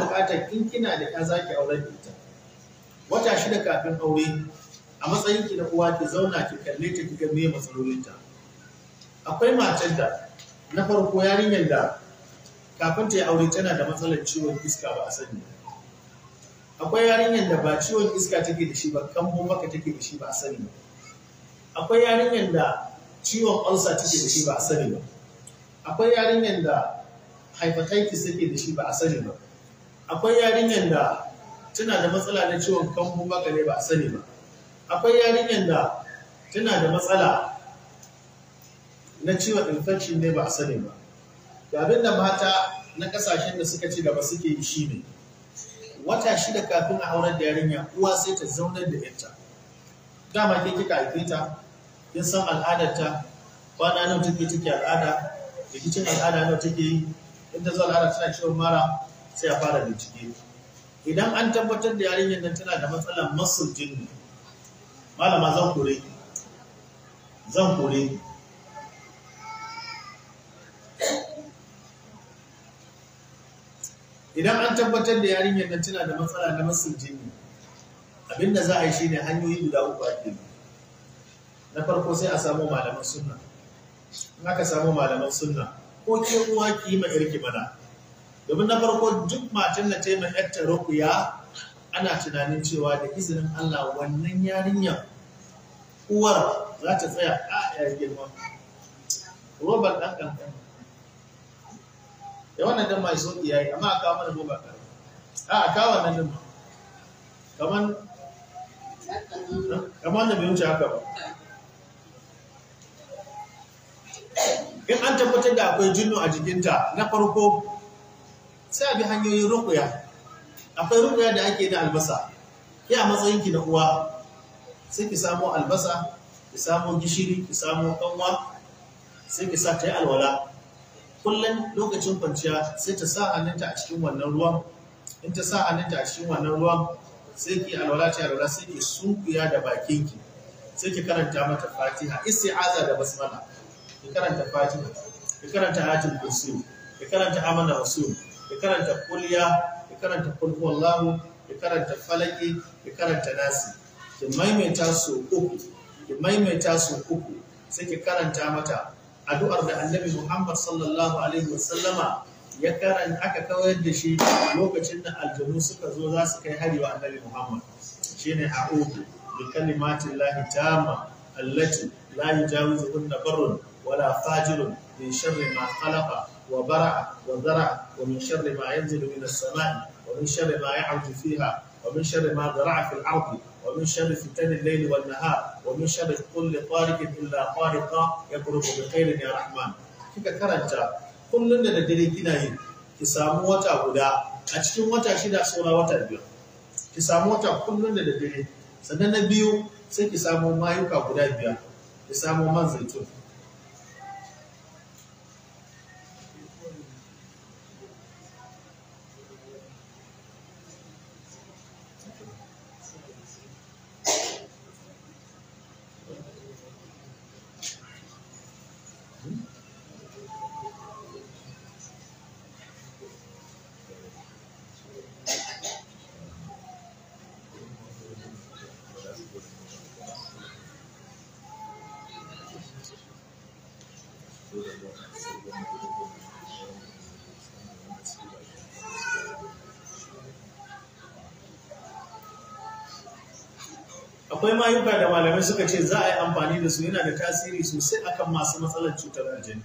buƙatar in kina da ƴa zaki auren ita wata shida kafin aure a matsayin ki na uwa ki zauna ki kalle ta ki ga me ta. akwai matar da na farko yarinyar da kafin ta yi aure tana da matsalar ciwon iska ba a sani akwai yarinyar da ba ciwon iska take da shi ba kambo maka take da shi ba a sani ba akwai yarinyar da ciwon ulcer take da shi ba a sani ba akwai yarinyar da hepatitis take da shi ba a sani ba akwai yarinyar da tana da matsala na ciwon kambun baka ne ba a sani ba akwai yarinyar da tana da matsala na ciwon infection ne ba a sani ba da da mata na kasashen da suka ci gaba suke yi shi ne wata shida kafin a haurar da yarinya uwa sai ta zaunar da yanta dama ke kika haife ta kin san al'adarta kwana nawa take take al'ada rikicin al'ada nawa take yi in ta zo al'ada tana ciwon mara sai ya fara bincike idan an tabbatar da yarinyar nan tana da matsalar masul jinni malama zan kore zan kore idan an tabbatar da yarinyar nan tana da matsala na masul jinni abinda za a yi shine hanyoyi guda uku ake na farko sai a samu malaman sunna in aka samu malaman sunna ko ke uwa ki yi ma irki mana domin na farko duk matan da ta yi mai yatta rukuya ana tunanin cewa da izinin Allah wannan yarinyar uwar za ta tsaya a ya girma robar ɗan ƙanƙan da wannan dama mai sauƙi ya yi amma a kawo mana robar ɗan a a kawo nan nan kaman kamar da bai wuce haka ba in an tabbatar da akwai jinnu a jikinta na farko sai a bi hanyoyin rukuya akwai rukuya da ake da albasa ya a matsayinki na uwa sai ki samo albasa ki samo gishiri ki samo kanwa sai ki sa ta yi alwala kullum lokacin kwanciya sai ta sa hannunta a cikin wannan ruwan in ta sa hannunta a cikin wannan ruwan sai ki alwala ta alwala sai ki sunkuya da bakinki sai ki karanta mata fatiha isti'aza da basmala ki karanta fatiha ki karanta hatim kursi ki karanta amana rasul ya karanta kuliya ya karanta lamu ya karanta falaki ya karanta nasi ki maimaita su uku ki maimaita su uku sai ki karanta mata addu'ar da annabi Muhammad sallallahu alaihi wasallama ya karanta aka kawar da shi lokacin da aljanu suka zo za su kai hari wa annabi Muhammad shine a'udhu bi kalimatin lahi tamma allati la yujawizu kunna barun wala fajirun min sharri ma khalaqa وبرع وذرع ومن شر ما ينزل من السماء ومن شر ما يعرج فيها ومن شر ما ذرع في الأرض ومن شر فتن الليل والنهار ومن شر كل طارق إلا يضرب بخير يا رحمن kika karanta kullun da dare kina yi ki wata guda a cikin wata shida saura wata biyar ki samu wata kullun da dare sannan na biyu sai ki samu mayuka guda biyar ki samu man zaitun akwai mayuka da malamai suka ce za a yi amfani da su yana da tasiri sosai akan masu matsalar cutar aljini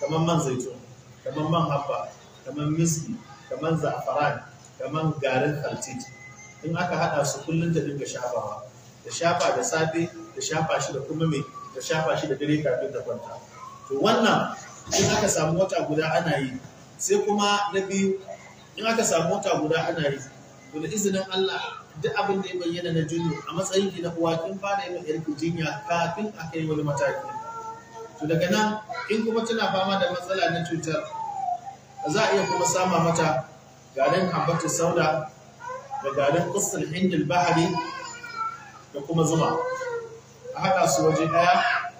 kamar man zaitun kamar man haba kamar miski kamar za'afaran kamar garin altiti in aka hada su kullum da dinga shafawa da shafa da safe da shafa shi da kuma mai da shafa shi da dare kafin ta kwanta to wannan in aka samu wata guda ana yi sai kuma na biyu in aka samu wata guda ana yi to izinin Allah duk abin da ya bayyana na junyo a matsayin gina na uwa kin fara yin yarki jinya kafin a kai wani mataki to daga nan in kuma tana fama da matsala na cutar za a iya kuma sama mata garin hambatu sauda da garin kustar hindul bahari da kuma zuma a haɗa su waje ɗaya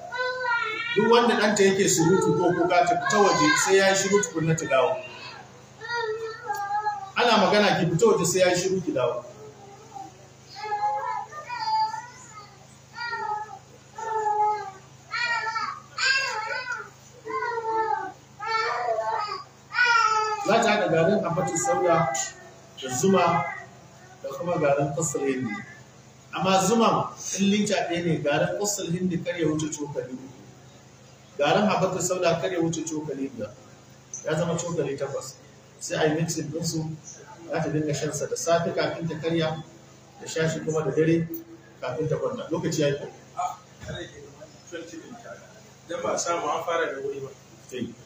duk wanda ɗanta yake surutu ko kuka ta fita waje sai ya yi shiru tukunna ta dawo ana magana ki fita waje sai ya yi shiru ki dawo za ta haɗa garin ambatin sauya da zuma da kuma garin kasar hindi amma zuman in linta ɗaya ne garin kasar hindi kar ya wuce cokali uku garin habata sauda kare wuce cokali da. ya zama cokali takwas sai a yi mixin ɗinsu za ta dinga shansa da safe kafin ta karya da shashi kuma da dare kafin ta kwanta lokaci ya yi ko. Ah, ba samu an fara da wuri ba. Eh.